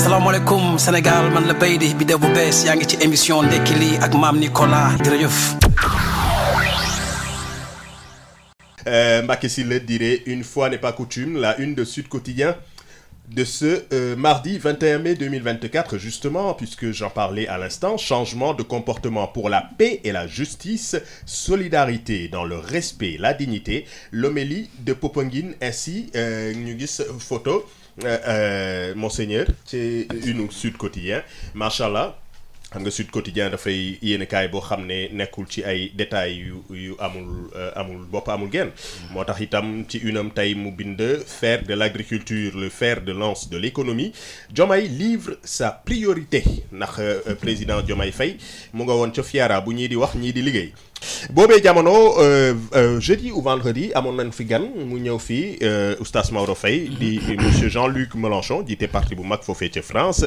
salaamaaleykum Sénégal man la Beydi bi bu bees yaa ngi ci émission ndekki lii ak maam Nicolas jërëjëf. Euh, Mbacké Sylla dirait une fois n'est pas coutume la une de Sud Quotidien de ce euh, mardi 21 mai 2024, justement, puisque j'en parlais à l'instant, changement de comportement pour la et la justice, solidarité dans le respect, la dignité, l'homélie de Popongine, ainsi, euh, ñu gis photo, euh, euh, monseigneur, ci une Sud Quotidien, machallah xam nga Sud Quotidien dafay yéenekaay boo xam ne nekkul ci ay détails yu yu amul euh, amul bopp amul genn mm. moo tax itam ci unam tey mu bind faire de l'agriculture le fer de lance de l'économie Diomaye livre sa priorité ndax euh, président jomay Faye mu nga woon ca Fiara bu ñii di wax ñii di liggéey boobee jamono euh, euh, jeudi ou vendredi amoon nañu fi gan mu ñëw fii euh, oustaz Maodo Faye di monsieur Jean-Luc Mélenchon jiite parti bu mag foofee ca France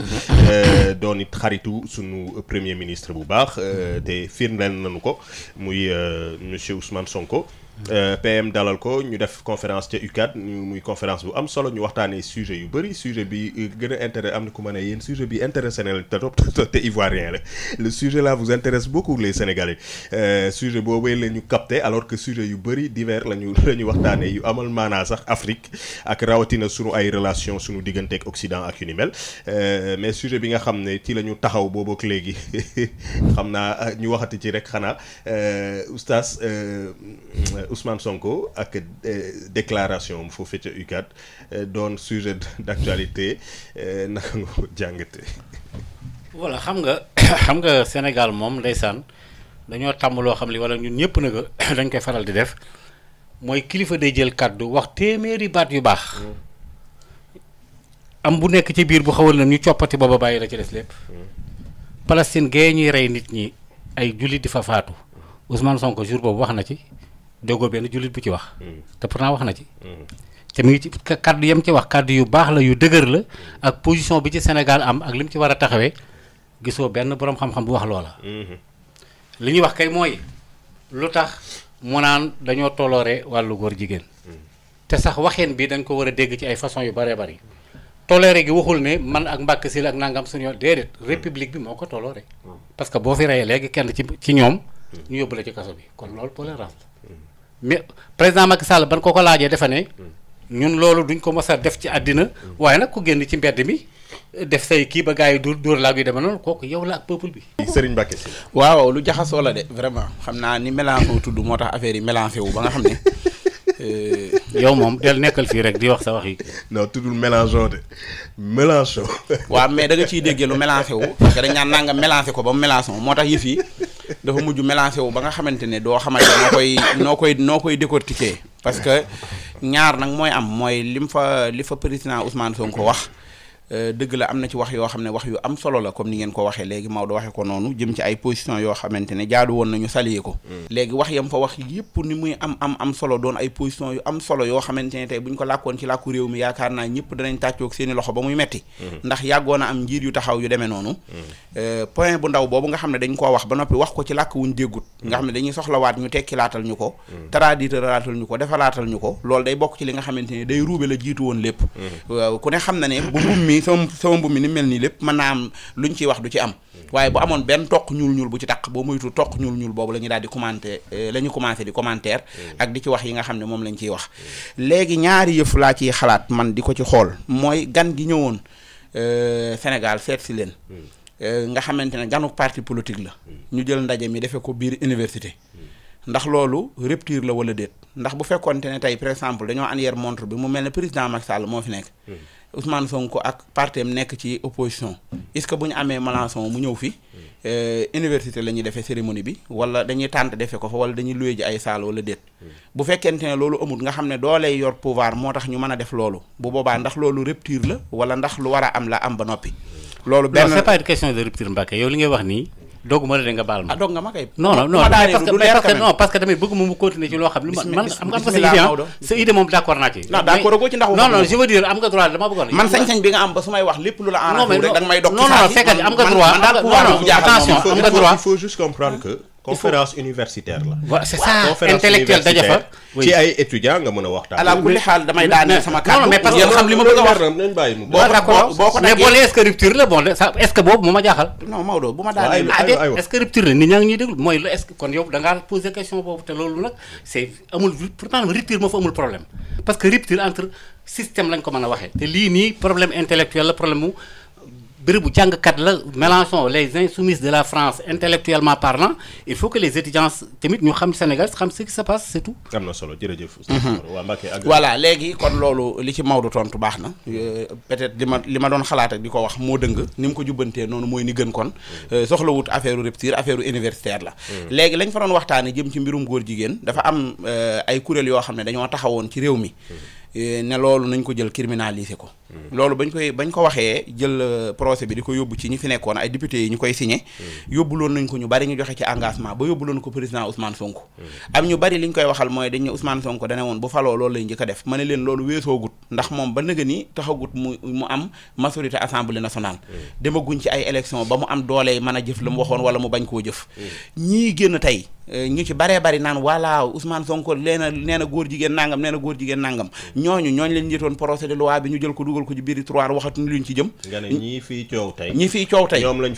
doon it xaritu suñu premier ministre bu baax te firndeel nañu ko muy monsieur Ousmane Sonko. Euh, PM dalal ko ñu def conférence ca UCAD muy conférence bu am solo ñu waxtaanee sujet yu bëri sujet bi euh, gën a intérêt am na ku ma ne yéen sujet bi intéressé na la te te ivoirien la le sujet là vous intéresse beaucoup les sénégalais euh, sujet boobu la ñu capté alors que sujet yu bëri divers la ñu ñu waxtaanee yu amal maanaa sax Afrique ak rawatina sunu ay relation sunu diggante ak Occident ak yu ni mel mais sujet bi nga xam ne ci la ñu taxaw boobu ak léegi xam naa ñu waxati ci rek xanaa oustaz. Euh, Ousmane Sonko ak euh, déclaration am foofee ca UCAD euh, doon sujet d'actualité naka nga ko jàngatee. voilà xam nga xam nga Sénégal moom ndeysaan dañoo tàmm loo xam li walla ñun ñëpp nag dañ koy faral di def mooy kilifa day jël kàddu wax téeméeri baat yu baax. Mm. am bu nekk ci biir bu xawal na ñu coppati boobu bàyyi la ci des lépp. Mm. Palestine gee ñuy rey nit ñi ay jullit di fa faatu Ousmane Sonko jour boobu wax na ci. déggoo benn jullit bu ci wax. Hmm. te pourtant wax na ci. Hmm. te mu ngi ci kàddu yam ci wax kàddu yu baax la yu dëgër la hmm. ak position bi ci Sénégal am ak li mu ci war a taxawee gisoo benn boroom xam-xam bu wax loola. li ñuy wax kay mooy lu tax mu naan dañoo tolloore wàllu góor jigéen. te sax waxeen bi dañ ko war a dégg ci ay façon yu bëree bëri. tolloore gi waxul ne man ak Mbàkke Sylla ak nangam suñu yoon déedéet république bi moo ko tolloore. parce que boo fi reyee léegi kenn ci ci ñoom. ñu yóbbu la ci kaso bi kon loolu tolérance mais président Macky Sall ban ko ko laajee defe ne ñun loolu duñ ko mës a def ci àddina waaye nag ku génn ci mbedd mi def say kii ba gars yi dóor dóor laa yu demee noonu kooku yow la ak peuple bi. Serigne Mbacké si waaw lu jaxasoo la de vraiment xam naa ni mélange wu tudd moo tax affaire yi mélangé wu ba nga xam ne. Euh, yow moom del nekkal fii rek di wax sa wax yi. non tuddul mélangeon de mélangeon. waaw mais da ciy déggee lu mélangé wu parce que dañ naan nangam mélangé ko ba mu mélangé moo tax yëf fii dafa mujj mélangé wu ba nga xamante ne doo xamante noo koy noo koy noo koy décortiquer parce que ñaar nag mooy am mooy lim fa li fa président Ousmane ko wax Euh, dëgg la am na ci wax yoo xam ne wax yu am solo la comme ni ngeen ko waxee léegi Maodo waxee ko noonu jëm ci ay position yoo xamante ne jaadu woon nañu saluer ko mm. léegi wax yam fa wax yépp ni muy am am am solo doon ay position yu am solo yoo xamante ne tey bu ñu ko làkkoon mm-hmm. yu taxaw yu demee noonu mm-hmm. euh, point bu ndaw boobu nga xam ne dañ koo wax ba noppi wax ko ci làkk wuñ déggut mm-hmm. nga xam ne dañuy soxlawaat ñu tekki laatal ñu ko traduire laatal ñu ko defalaatal ñu ko loolu day bokk ci li nga xamante ne day ruube la jiitu woon lépp ku ne xam na ne bu mii sama sama mi ni mel nii lépp mën naa am luñ ciy wax du ci am waaye bu amoon benn toq ñuul ñuul bu ci taq boo moytu toq ñuul ñuul boobu la ñu daal di commenter euh, la ñu commencé di commentaire mm. ak di ci wax yi nga xam ne moom lañ ciy wax léegi ñaari yëfu laa ciy xalaat man di ko ci xool mooy gan gi ñëwoon euh, Sénégal seet si leen mm. euh, nga xamante ne ganu parti politique la mm. ñu jël ndaje mi defee ko biir université ndax loolu rupture la wala déet ndax bu fekkonte ne tey par exemple dañoo an yeer montre bi mu mel ne président Macky Sall moo fi nekk Ousmane Sonko ak partem nekk ci opposition est-ce que bu ñu amee Mélenchon mu ñëw fi euh, université la ñuy defee cérémonie bi wala dañuy tànt defee ko fa wala dañuy luye ay saal wala déet hmm. bu fekkente ne loolu amul nga xam ne doo lay yor pouvoir moo tax ñu mën a def loolu bu boobaa ndax loolu rupture la wala ndax lu war a am la am ba noppi. Hmm. loolu benn c'est pas une question de rupture Mbacké yow li ngay wax nii. doogu ma la de nga baal ma. Ah, non non non parce que non parce que ci loo xam li man am nga sa idée sa idée moom d'accord naa ci non non non am nga droit dama bëggoon man sañ-sañ bi nga am ba su may wax lépp lu la arrangé rek danga may dog non non fekkal am nga droit attention am nga droit il faut juste comprendre que conférence universitaire la. waaw c'est ça intellectuel daje fa ci ay étudiants nga mën a waxtaan. ala kulli xaal damay daaneel sama kàddu. mais parce que a wax nañ bàyyi mu. boo ko boo ko rupture la bon de ça est boobu mu ma jaaxal. non Maodo bu ma daaneel. aywa est-ce rupture la nit ñaa ngi ñuy déglu mooy est kon yow da ngaa question boobu te loolu nag c'est amul pourtant rupture moo fa amul problème parce que rupture entre système lañ ko mën a waxee. te lii nii problème intellectuel la problème bërëbu jàngkat la Mélenchon les insoumises de la France intellectuellement parlant il faut que les étudiants tamit ñu xam Sénégal xam ce qui se passe c'est tout. solo jërëjëf. Mhm. waa Mbacke ak. voilà léegi kon loolu li ci Maodo tontu baax na euh, peut-être li ma li ma doon xalaat ak di ko wax moo dëng ni mu ko jubbantee noonu mooy ni gën kon mm. euh, soxlawut affaire rupture affaire universitaire la. Mm. léegi lañ fa doon waxtaanee jëm ci mbirum góor jigéen dafa am euh, ay kuréel yoo xam ne dañoo taxawoon ci réew mi. Mm. Eh, ne loolu nañ ko jël criminaliser ko. Hmm. loolu bañ koy bañ ko waxee jël euh, procès bi di ko yóbbu ci ñi fi nekkoon ay député yi ñu koy signé. Hmm. yóbbuloon nañ ko ñu bari ñu joxe ci engagement ba yóbbuloon ko président Ousmane Sonko. Hmm. am ñu bari li ñu koy waxal mooy dañ ne Sonko dane woon bu faloo loolu lay njëkk a def ma ne leen loolu weesoogut ndax moom ba nëgë ni taxagut mu mu am majorité assemblée nationale. demaguñ ci ay élection ba mu am doole mën a jëf la mu waxoon wala mu bañ koo jëf. ñii génn tey Euh, ñu ci baree bari naan voilà Ousmane Sonko nee na nee na góor jigéen nangam nee na góor jigéen nangam ñooñu ñooñu lañ njëtoon procès de loi ñu jël ko dugal ko ci biir tiroir waxatuñu luñ ci jëm. nga ne ñii fii coow tey. ñii fii coow tey ñoom ñu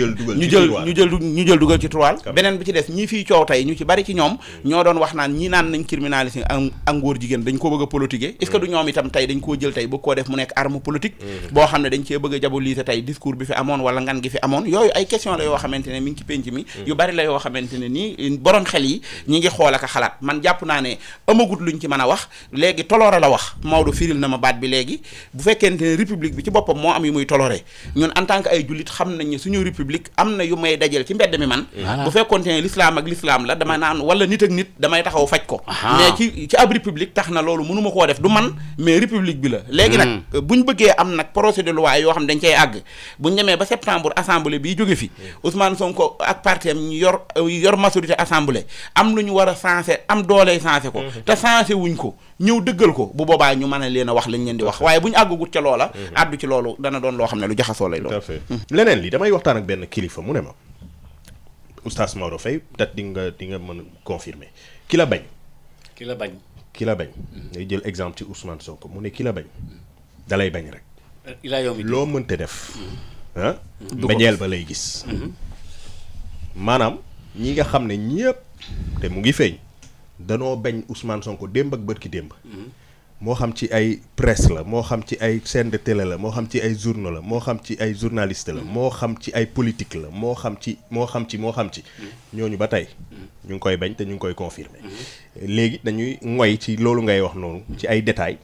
jël dugal jël ñu jël dugal ci beneen bi ci des ñii fi coow tey ñu ci bari ci ñoom. ñoo doon wax naan ñii naan nañ criminaliser ak ngóor jigéen dañ koo bëgg a politiquer. est du ñoom itam tey dañ koo jël tey bëgg koo def mu nekk arme politique. Mm-hmm. boo xam ne dañ cee bëgg a jaboliser tey discours bi fi amoon wala ngan gi fi amoon yooyu ay question la yoo xamante ne mi ngi ci penc mi yu bari la yoo xamante ne nii borom xel yi ñi ngi xool ak a xalaat man jàpp naa ne amagut luñ ci mën a wax léegi toloore la wax Maodo firil na ma baat bi léegi bu fekkente ne république bi ci boppam moo am yu muy toloore ñun en tant que ay jullit xam na ne suñu république am na yu may dajal ci mbedd mi man bu fekkonte ne l'islam ak l'islam la dama naan wala nit ak nit damay taxaw faj ko mais ci ci tax na loolu mënuma koo def du man mais république bi la léegi nag hmm. buñ bëggee am nag procès de loi yoo xam dañ cay àgg buñ demee ba septembre assemblée bi jóge fi hmm. Ousmane Sonko ak partem yor yor majorité assemblée am lu ñu war a sensé am doolee sensé ko mhm. te sensé wuñ ko ñëw dëggal ko bu boobaa ñu mën a leen a wax lañ leen di wax waaye bu ñu àggagut ca loola mhm. àddu ci loolu dana doon loo xam ne lu jaxasoo lay loolu mhm. leneen li damay waxtaan ak benn kilifa mu ne ma oustaz Maodo Faye peut-être di nga di nga mën confirmer ki la bañ ki bañ ki bañ ngay jël exemple ci soo ko mu ne ki bañ dalay bañ rek loo mënte def ah bañeel ba lay gis maanaam ñi nga xam ne ñëpp mu ngi feeñ danoo bañ Ousmane Sonko démb ak bët ki démb. Mm-hmm. moo xam ci ay presse la moo xam ci ay chaîne de tele la moo xam ci ay journaux la moo xam ci ay journaliste la mm-hmm. moo xam ci ay politique la moo xam ci moo xam ci moo xam ci mm-hmm. ñooñu ba tey ñu ngi koy bañ te ñu ngi koy confirmer léegi dañuy ngoy ci loolu ngay wax noonu ci ay détails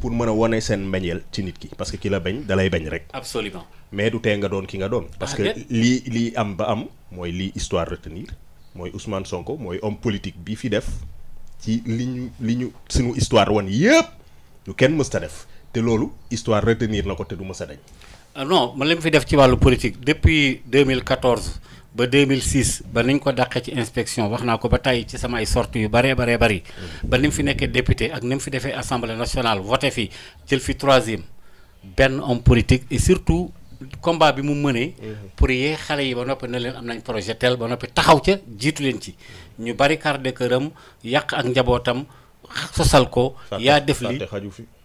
pour mën a wane seen mbañeel ci nit ki parce que ki la bañ dalay bañ rek absolument mais du tee nga doon ki nga doon parce ah, lii lii am ba am mooy lii histoire retenir mooy Ousmane Sonko mooy homme politique bi fi def ci li ñu li ñu suñu histoire woon yëpp lu kenn mës def te loolu histoire retenir na ko te du mës a dañ. Ah non man li mu fi def ci wàllu politique depuis 2014 ba 2006 ba niñ ko dàqee ci inspection wax naa ko ba tey ci samay ay yu bëree baree bari mm-hmm. ba ni mu fi nekkee député ak ni mu fi defee assemblée nationale voté fi jël fi troisième benn homme politique et surtout. combat bi mu mënee. Mhm. pour yee xale yi ba noppi na leen am nañ projet tel ba noppi taxaw ca jiitu leen ci. Mhm. ñu bari de këram yàq ak njabootam sosal ko. yaa def li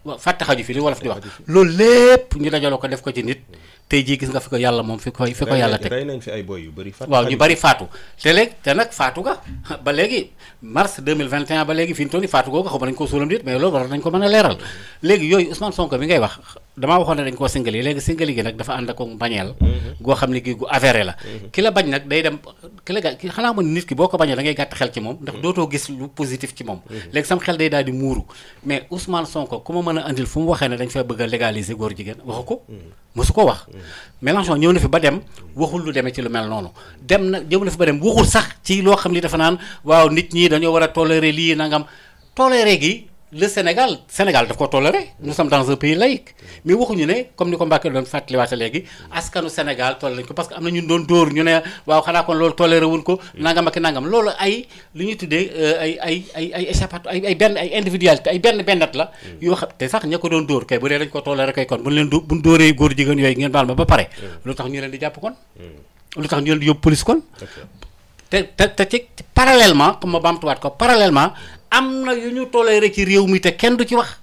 waaw fàtte xaju fi li wolof di wax loolu lépp ñu dajaloo ko def ko ci nit mhm. tey jii gis nga fi ko yàlla moom fi ko fi ko yàlla teg ay boy yu bëri waaw ñu bëri faatu te léegi te nag faatu ga ba léegi mars 2021 ba léegi fi ñu toll faatu googa xaw ma nañ ko suulam dit mais loolu war nañ ko mën a leeral léegi yooyu Ousmane damaa waxoon ne dañ koo singali léegi singali gi nag dafa ànd ak bañeel goo xam ne gi gu avéré la ki bañ nag day dem ki la gà xanaa mën nit ki boo ko bañee da ngay gàtt xel ci moom ndax dootoo gis lu positif ci moom léegi sam xel day daal di muuru mais Ousmane Sonko ku ma mën a andil fu mu waxee ne dañ fay bëgg a légaliser góor jigéen waxu ko mosu ko wax Mélenchon ñëw na fi ba dem waxul lu demee ci lu mel noonu dem na ñëw na fi ba dem waxul sax ci loo xam ni dafa naan waaw nit ñi dañoo war a tolérer lii nangam tolérer gi le Sénégal Sénégal daf ko toléré nous sommes dans un pays laïque mais waxuñu ne comme ni ko Mbacke doon fàttaliwaate léegi askanu Sénégal toléré nañ ko parce que am na ñun doon dóor ñu ne waaw xanaa kon loolu toléré wuñ ko nangam ak nangam loolu ay li ñuy tuddee euh, ay ay ay ay ay benn ay individualité ay benn bennat la yoo xam te sax ña doon dóor kay bu dee dañ ko toléré kay kon buñ leen du buñ góor jigéen yooyu ngeen baal ma ba pare hmm. lu am na yu ñu rek ci réew mi te kenn du ci wax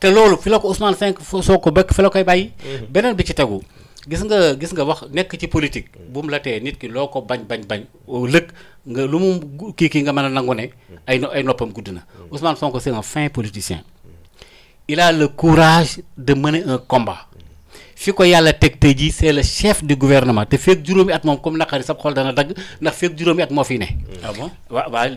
te loolu fi la ko Ousmane Sonko soo ko bëgg fi la koy bàyyi. Mhm. beneen bi ci tegu gis nga gis nga wax nekk ci politique. bu mu la tee nit ki loo ko bañ bañ bañ lëkk nga lu mu kii kii nga mën a nangu ne. ay ay noppam guddi na. Mhm. Ousmane Sonko c'est un fin politicien. il a le courage de mener un combat. fi ko yàlla teg tey jii c'est le chef du gouvernement te feeg juróomi at moom comme naqari sab xol dana dagg ndax feeg juróomi at moo fi ne. ah bon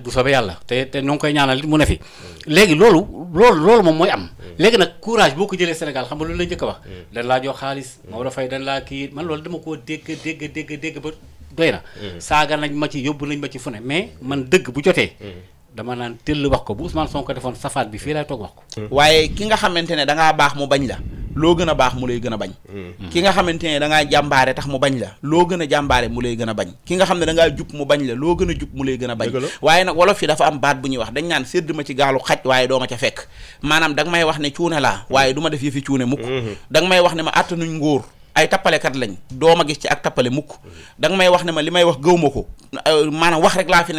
bu soobee yàlla te te ñoo ngi koy ñaanal mu ne fi. léegi loolu loolu loolu moom mooy am. léegi nag courage boo ko jëlee Sénégal xam nga loolu la jëkk a wax. Mm. dañ laa jox xaalis. Maodo Faye dañ laa kii man loolu dama koo dégg dégg dégg dégg ba doy na. Mm. saaga nañ ma ci yóbbu nañ ma ci fu ne mais man dëgg bu jotee. Mm. dama naan tëll wax ko bu Ousmane Sonko defoon safaat bi fii laay toog ko. waaye ne dangaa baax mu bañ la loo gën a baax mu lay gën a bañ hmm. ki nga xamante ne da ngaa jàmbaare tax mu bañ la loo gën a jàmbaare mu lay gën a bañ ki nga xam ne da ngaa jub mu bañ la loo gën a jub mu lay gën a bañ waaye nag wolof yi dafa am baat bu ñuy wax dañ naan sédd ma ci gaalu xaj waaye doo ma ca fekk maanaam da nga may wax ne cuune laa waaye du ma def yëfi cuune mukk hmm. da may wax ne ma àttanuñ nguur ay tappalekat lañ doo ma gis ci ak tappale mukk hmm. da nga ma li wax gëw ma ko euh, maanaam wax rek laa fi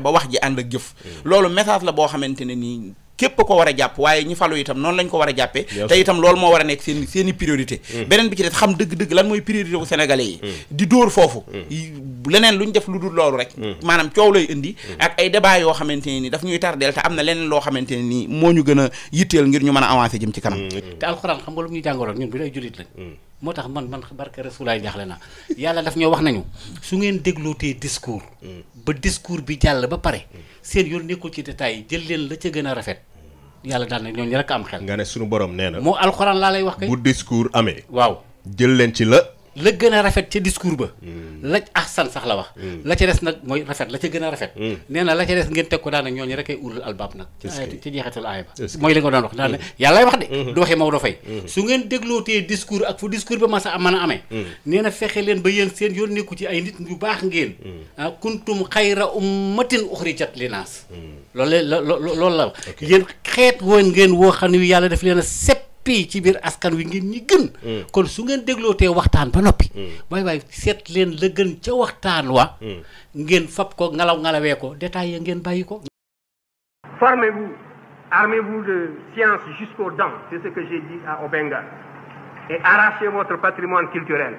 ba wax ji ànd ak jëf loolu message la boo xamante ne nii képp ko war a jàpp waaye ñi falu itam noonu lañ ko war a jàppee te itam loolu moo war a nekk seen seen i priorité mm. beneen bi ci def xam dëgg-dëgg lan mooy priorité bu sénégalais yi mm. di dóor foofu mm. leneen lu ñu def lu dul loolu rek maanaam coow lay indi ak ay débat yoo xamante ne ni daf ñuy tardeel te am na leneen loo xamante ne nii moo ñu gën a yitteel ngir ñu mën a avancer jëm ci kanam te alxuraan xam nga lu ñuy jàngaloon ñun bi lay julit lañ moo tax man man barke rasulaay jaaxle naa yàlla daf ñoo wax nañu su ngeen déglootee discours. ba discours bi jàll ba pare. seen yoon nekkul ci détails yi jël leen la ca gën a rafet. yàlla daal na ñooñu rek am xel. nga ne sunu borom nee na. moo alxuraan laa lay wax kay. bu discours amee. waaw jël leen ci la. la gën a rafet ca discours ba. Mm. la ahsan sax la wax. Mm. la ca des nag mooy rafet la ca gën a rafet. Mm. nee la ca des ngeen teg ko daanaka ñooñu rek ay urul albaab nag. ci jeexital aaya ba. mooy li nga doon wax daanaka yàllaay wax de. Mm-hmm. du waxee Maodo Faye. Mm-hmm. su ngeen déglootee discours ak fu discours ba mas a mën a amee. nee na fexe leen ba yéen seen yoon nekku ci ay nit yu baax ngeen. ah kuntum xayra ummatin uxrijat linaas. loolu la loolu la wax. xeet woon ngeen woo a pay ci biir askan wi ngeen ñi gën mm. kon su ngeen déglootee waxtaan ba noppi mm. waay waay seet leen la gën ca waxtaan wa mm. ngeen fab ko ngalaw ngalawee ko détails ya ngeen bàyyi ko formez-vous armez-vous de science jusqu'aux dents c'est ce que j'ai dit à Obenga et arrachez votre patrimoine culturel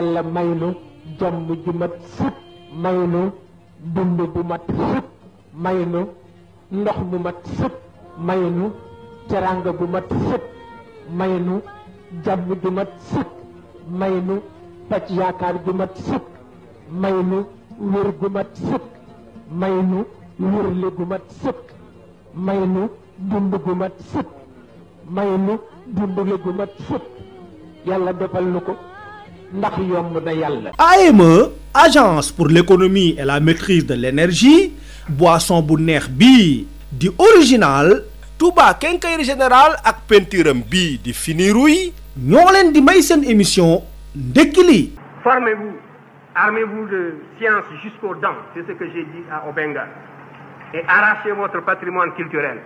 yàlla may nu jàmm ju mat sëpp may nu ndox mu mat sëpp may nu teranga may nu jàmm ju mat sëkk nu pàcc yaakaar ju mat sëkk may nu wér gu mat sëkk may nu nu dund gu mat sëkk may nu dundle yàlla defal nu ko ndax yomb na yàlla. AME agence pour l'économie et la maîtrise de l'énergie boisson bu neex bi di original. Touba Quincaillerie général ak peinturam bii di finiruy ñoo leen di may seen émission ndekki li formez-vous armez-vous de science jusqu'aux dents c'est ce que j'ai dit à Obenga et arrachez votre patrimoine culturel